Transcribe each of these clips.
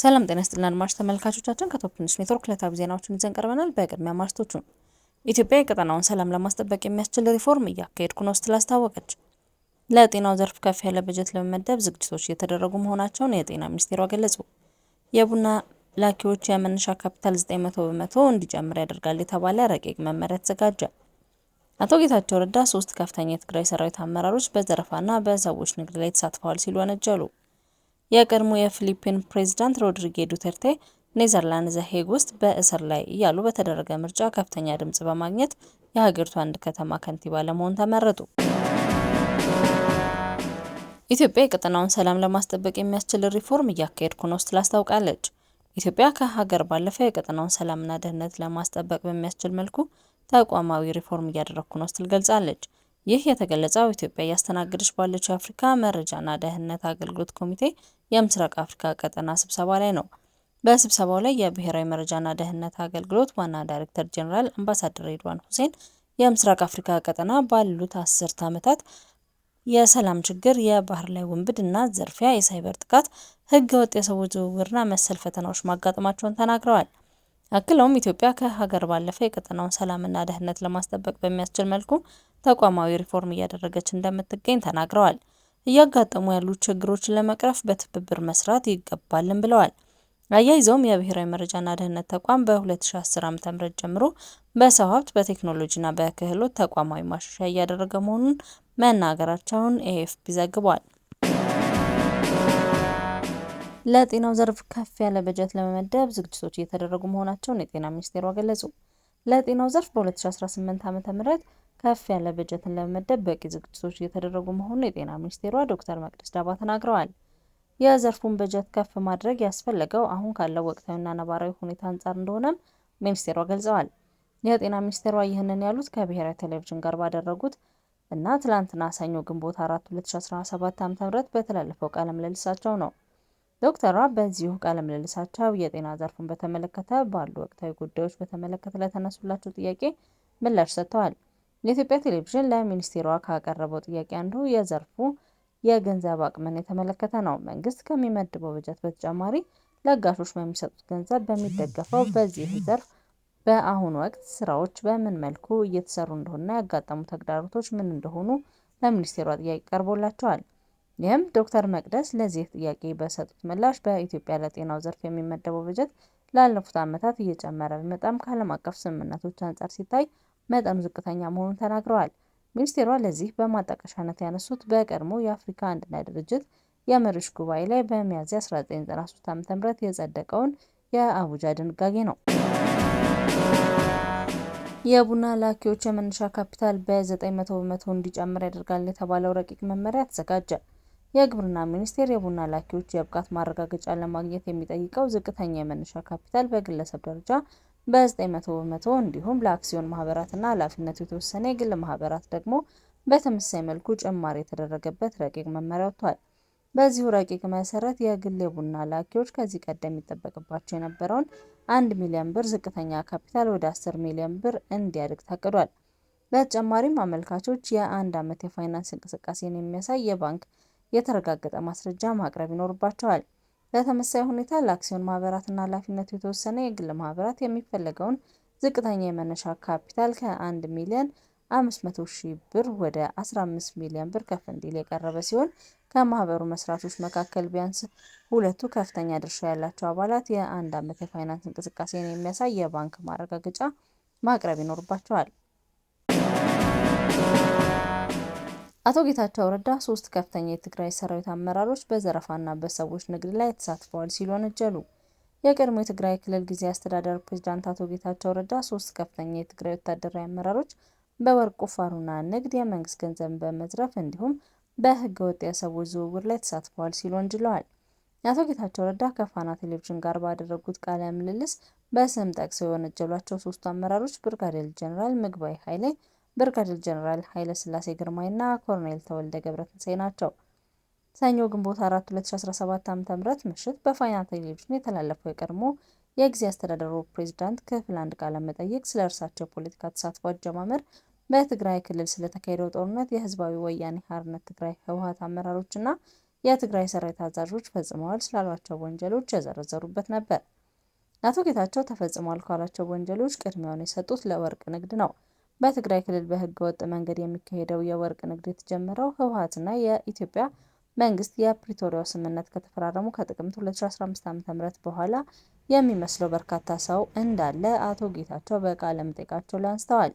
ሰላም ጤና ስጥልና አድማጭ ተመልካቾቻችን፣ ከቶፕ ትንሽ ኔትወርክ ዕለታዊ ዜናዎችን ይዘን ቀርበናል። በቅድሚያ ማርቶቹን ኢትዮጵያ የቀጠናውን ሰላም ለማስጠበቅ የሚያስችል ሪፎርም እያካሄድኩ ነው ስትል አስታወቀች። ለጤናው ዘርፍ ከፍ ያለ በጀት ለመመደብ ዝግጅቶች እየተደረጉ መሆናቸውን የጤና ሚኒስቴሯ ገለጹ። የቡና ላኪዎች የመነሻ ካፒታል 900 በመቶ እንዲጨምር ያደርጋል የተባለ ረቂቅ መመሪያ ተዘጋጀ። አቶ ጌታቸው ረዳ ሶስት ከፍተኛ የትግራይ ሰራዊት አመራሮች በዘረፋና በሰዎች ንግድ ላይ ተሳትፈዋል ሲሉ ወነጀሉ። የቀድሞ የፊሊፒን ፕሬዝዳንት ሮድሪጌ ዱቴርቴ ኔዘርላንድ ዘሄግ ውስጥ በእስር ላይ እያሉ በተደረገ ምርጫ ከፍተኛ ድምፅ በማግኘት የሀገሪቱ አንድ ከተማ ከንቲባ ለመሆን ተመረጡ። ኢትዮጵያ የቀጠናውን ሰላም ለማስጠበቅ የሚያስችል ሪፎርም እያካሄድኩ ነው ስትል አስታውቃለች። ኢትዮጵያ ከሀገር ባለፈ የቀጠናውን ሰላምና ደህንነት ለማስጠበቅ በሚያስችል መልኩ ተቋማዊ ሪፎርም እያደረግኩ ነው ስትል ገልጻለች። ይህ የተገለጸው ኢትዮጵያ እያስተናገደች ባለችው የአፍሪካ መረጃና ደህንነት አገልግሎት ኮሚቴ የምስራቅ አፍሪካ ቀጠና ስብሰባ ላይ ነው። በስብሰባው ላይ የብሔራዊ መረጃና ደህንነት አገልግሎት ዋና ዳይሬክተር ጄኔራል አምባሳደር ሬድዋን ሁሴን የምስራቅ አፍሪካ ቀጠና ባሉት አስርት ዓመታት የሰላም ችግር፣ የባህር ላይ ውንብድና፣ ዘርፊያ፣ የሳይበር ጥቃት፣ ህገ ወጥ የሰዎች ዝውውርና መሰል ፈተናዎች ማጋጠማቸውን ተናግረዋል። አክለውም ኢትዮጵያ ከሀገር ባለፈ የቀጠናውን ሰላምና ደህንነት ለማስጠበቅ በሚያስችል መልኩ ተቋማዊ ሪፎርም እያደረገች እንደምትገኝ ተናግረዋል። እያጋጠሙ ያሉ ችግሮችን ለመቅረፍ በትብብር መስራት ይገባልን ብለዋል። አያይዘውም የብሔራዊ መረጃና ደህንነት ተቋም በ2010 ዓ.ም ጀምሮ በሰው ሀብት በቴክኖሎጂና በክህሎት ተቋማዊ ማሻሻያ እያደረገ መሆኑን መናገራቸውን ኤኤፍፒ ዘግቧል። ለጤናው ዘርፍ ከፍ ያለ በጀት ለመመደብ ዝግጅቶች እየተደረጉ መሆናቸውን የጤና ሚኒስቴሯ ገለጹ። ለጤናው ዘርፍ በ2018 ዓ ም ከፍ ያለ በጀትን ለመመደብ በቂ ዝግጅቶች እየተደረጉ መሆኑን የጤና ሚኒስቴሯ ዶክተር መቅደስ ዳባ ተናግረዋል። የዘርፉን በጀት ከፍ ማድረግ ያስፈለገው አሁን ካለው ወቅታዊና ነባራዊ ሁኔታ አንጻር እንደሆነም ሚኒስቴሯ ገልጸዋል። የጤና ሚኒስቴሯ ይህንን ያሉት ከብሔራዊ ቴሌቪዥን ጋር ባደረጉት እና ትላንትና ሰኞ ግንቦት 4 2017 ዓ.ም በተላለፈው ቃለ ምልልሳቸው ነው። ዶክተሯ በዚሁ ቃለ ምልልሳቸው የጤና ዘርፉን በተመለከተ ባሉ ወቅታዊ ጉዳዮች በተመለከተ ለተነሱላቸው ጥያቄ ምላሽ ሰጥተዋል። የኢትዮጵያ ቴሌቪዥን ለሚኒስቴሯ ካቀረበው ጥያቄ አንዱ የዘርፉ የገንዘብ አቅምን የተመለከተ ነው። መንግስት ከሚመድበው በጀት በተጨማሪ ለጋሾች በሚሰጡት ገንዘብ በሚደገፈው በዚህ ዘርፍ በአሁኑ ወቅት ስራዎች በምን መልኩ እየተሰሩ እንደሆነና ያጋጠሙ ተግዳሮቶች ምን እንደሆኑ ለሚኒስቴሯ ጥያቄ ቀርቦላቸዋል። ይህም ዶክተር መቅደስ ለዚህ ጥያቄ በሰጡት ምላሽ በኢትዮጵያ ለጤናው ዘርፍ የሚመደበው በጀት ላለፉት ዓመታት እየጨመረ ቢመጣም ከዓለም አቀፍ ስምምነቶች አንጻር ሲታይ መጠኑ ዝቅተኛ መሆኑን ተናግረዋል። ሚኒስቴሯ ለዚህ በማጣቀሻነት ያነሱት በቀድሞ የአፍሪካ አንድነት ድርጅት የመሪዎች ጉባኤ ላይ በሚያዝያ 1993 ዓ.ም የጸደቀውን የአቡጃ ድንጋጌ ነው። የቡና ላኪዎች የመነሻ ካፒታል በ900 በመቶ እንዲጨምር ያደርጋል የተባለው ረቂቅ መመሪያ ተዘጋጀ። የግብርና ሚኒስቴር የቡና ላኪዎች የብቃት ማረጋገጫ ለማግኘት የሚጠይቀው ዝቅተኛ የመነሻ ካፒታል በግለሰብ ደረጃ በ900 በመቶ እንዲሁም ለአክሲዮን ማህበራትና ኃላፊነቱ የተወሰነ የግል ማህበራት ደግሞ በተመሳሳይ መልኩ ጭማሪ የተደረገበት ረቂቅ መመሪያ ወጥቷል። በዚሁ ረቂቅ መሰረት የግል የቡና ላኪዎች ከዚህ ቀደም የሚጠበቅባቸው የነበረውን 1 ሚሊዮን ብር ዝቅተኛ ካፒታል ወደ 10 ሚሊዮን ብር እንዲያድግ ታቅዷል። በተጨማሪም አመልካቾች የአንድ ዓመት የፋይናንስ እንቅስቃሴን የሚያሳይ የባንክ የተረጋገጠ ማስረጃ ማቅረብ ይኖርባቸዋል። ለተመሳሳይ ሁኔታ ለአክሲዮን ማህበራትና ኃላፊነቱ የተወሰነ የግል ማህበራት የሚፈለገውን ዝቅተኛ የመነሻ ካፒታል ከ1 ሚሊዮን 500 ሺህ ብር ወደ 15 ሚሊዮን ብር ከፍ እንዲል የቀረበ ሲሆን ከማህበሩ መስራቾች መካከል ቢያንስ ሁለቱ ከፍተኛ ድርሻ ያላቸው አባላት የአንድ ዓመት የፋይናንስ እንቅስቃሴን የሚያሳይ የባንክ ማረጋገጫ ማቅረብ ይኖርባቸዋል። አቶ ጌታቸው ረዳ ሶስት ከፍተኛ የትግራይ ሰራዊት አመራሮች በዘረፋና በሰዎች ንግድ ላይ ተሳትፈዋል ሲሉ ወነጀሉ። የቀድሞ የትግራይ ክልል ጊዜ አስተዳደር ፕሬዝዳንት አቶ ጌታቸው ረዳ ሶስት ከፍተኛ የትግራይ ወታደራዊ አመራሮች በወርቅ ቁፋሮና ንግድ፣ የመንግስት ገንዘብን በመዝረፍ እንዲሁም በህገ ወጥ የሰዎች ዝውውር ላይ ተሳትፈዋል ሲሉ ወንጅለዋል። አቶ ጌታቸው ረዳ ከፋና ቴሌቪዥን ጋር ባደረጉት ቃለ ምልልስ በስም ጠቅሰው የወነጀሏቸው ሶስቱ አመራሮች ብርጋዴር ጀኔራል ምግባይ ኃይሌ፣ ብርጋዴር ስላሴ ግርማይ እና ኮሎኔል ተወልደ ገብረትንሳኤ ናቸው። ሰኞ ግንቦት 4 2017 ዓ.ም ምሽት በፋና ቴሌቪዥን የተላለፈው የቀድሞ የጊዜ አስተዳደሩ ፕሬዝዳንት ክፍል አንድ ቃለ መጠይቅ ስለ እርሳቸው ፖለቲካ ተሳትፎ አጀማመር፣ በትግራይ ክልል ስለተካሄደው ጦርነት የህዝባዊ ወያኔ ሀርነት ትግራይ አመራሮች አመራሮችና የትግራይ ሰራዊት አዛዦች ፈጽመዋል ስላሏቸው ወንጀሎች የዘረዘሩበት ነበር። አቶ ጌታቸው ተፈጽመዋል ካሏቸው ወንጀሎች ቅድሚያውን የሰጡት ለወርቅ ንግድ ነው። በትግራይ ክልል በህገ ወጥ መንገድ የሚካሄደው የወርቅ ንግድ የተጀመረው ህወሀትና የኢትዮጵያ መንግስት የፕሪቶሪያው ስምምነት ከተፈራረሙ ከጥቅምት 2015 ዓ.ም በኋላ የሚመስለው በርካታ ሰው እንዳለ አቶ ጌታቸው በቃለ መጠይቃቸው ላይ አንስተዋል።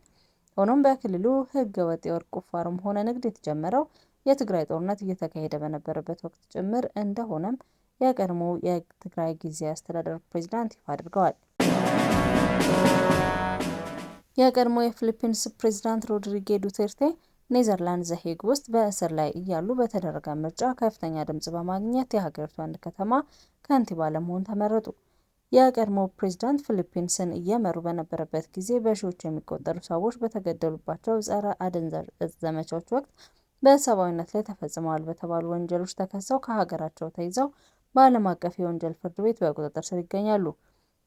ሆኖም በክልሉ ህገ ወጥ የወርቅ ቁፋሮም ሆነ ንግድ የተጀመረው የትግራይ ጦርነት እየተካሄደ በነበረበት ወቅት ጭምር እንደሆነም የቀድሞ የትግራይ ጊዜያዊ አስተዳደር ፕሬዚዳንት ይፋ አድርገዋል። የቀድሞ የፊሊፒንስ ፕሬዝዳንት ሮድሪጌ ዱቴርቴ ኔዘርላንድ ዘሄግ ውስጥ በእስር ላይ እያሉ በተደረገ ምርጫ ከፍተኛ ድምፅ በማግኘት የሀገሪቱ አንድ ከተማ ከንቲባ ለመሆን ተመረጡ። የቀድሞ ፕሬዝዳንት ፊሊፒንስን እየመሩ በነበረበት ጊዜ በሺዎች የሚቆጠሩ ሰዎች በተገደሉባቸው ጸረ አደንዛዥ እጽ ዘመቻዎች ወቅት በሰብአዊነት ላይ ተፈጽመዋል በተባሉ ወንጀሎች ተከሰው ከሀገራቸው ተይዘው በዓለም አቀፍ የወንጀል ፍርድ ቤት በቁጥጥር ስር ይገኛሉ።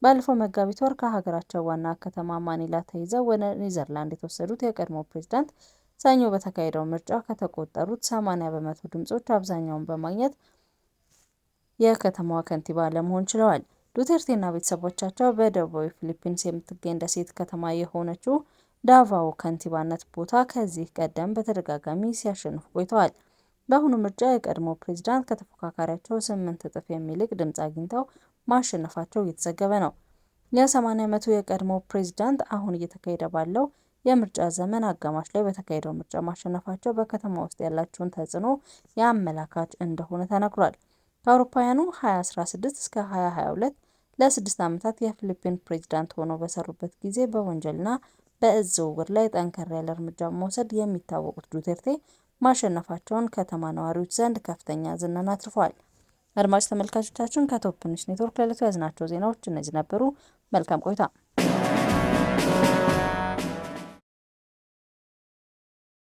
ባለፈው መጋቢት ወር ከሀገራቸው ዋና ከተማ ማኒላ ተይዘው ወደ ኔዘርላንድ የተወሰዱት የቀድሞ ፕሬዝዳንት ሰኞ በተካሄደው ምርጫ ከተቆጠሩት 80 በመቶ ድምጾች አብዛኛውን በማግኘት የከተማዋ ከንቲባ ለመሆን ችለዋል። ዱቴርቴና ቤተሰቦቻቸው በደቡባዊ ፊሊፒንስ የምትገኝ ደሴት ከተማ የሆነችው ዳቫው ከንቲባነት ቦታ ከዚህ ቀደም በተደጋጋሚ ሲያሸንፉ ቆይተዋል። በአሁኑ ምርጫ የቀድሞ ፕሬዝዳንት ከተፎካካሪያቸው ስምንት እጥፍ የሚልቅ ድምፅ አግኝተው ማሸነፋቸው እየተዘገበ ነው። የ80 ዓመቱ የቀድሞ ፕሬዚዳንት አሁን እየተካሄደ ባለው የምርጫ ዘመን አጋማሽ ላይ በተካሄደው ምርጫ ማሸነፋቸው በከተማ ውስጥ ያላቸውን ተጽዕኖ የአመላካች እንደሆነ ተነግሯል። ከአውሮፓውያኑ 2016 እስከ 2022 ለስድስት ዓመታት የፊሊፒን ፕሬዚዳንት ሆነው በሰሩበት ጊዜ በወንጀልና በእጽ ዝውውር ላይ ጠንከር ያለ እርምጃ መውሰድ የሚታወቁት ዱቴርቴ ማሸነፋቸውን ከተማ ነዋሪዎች ዘንድ ከፍተኛ ዝናን አትርፏል። አድማጭ ተመልካቾቻችን ከቶፕ ኔትወርክ ለለቱ ያዝናቸው ዜናዎች እነዚህ ነበሩ። መልካም ቆይታ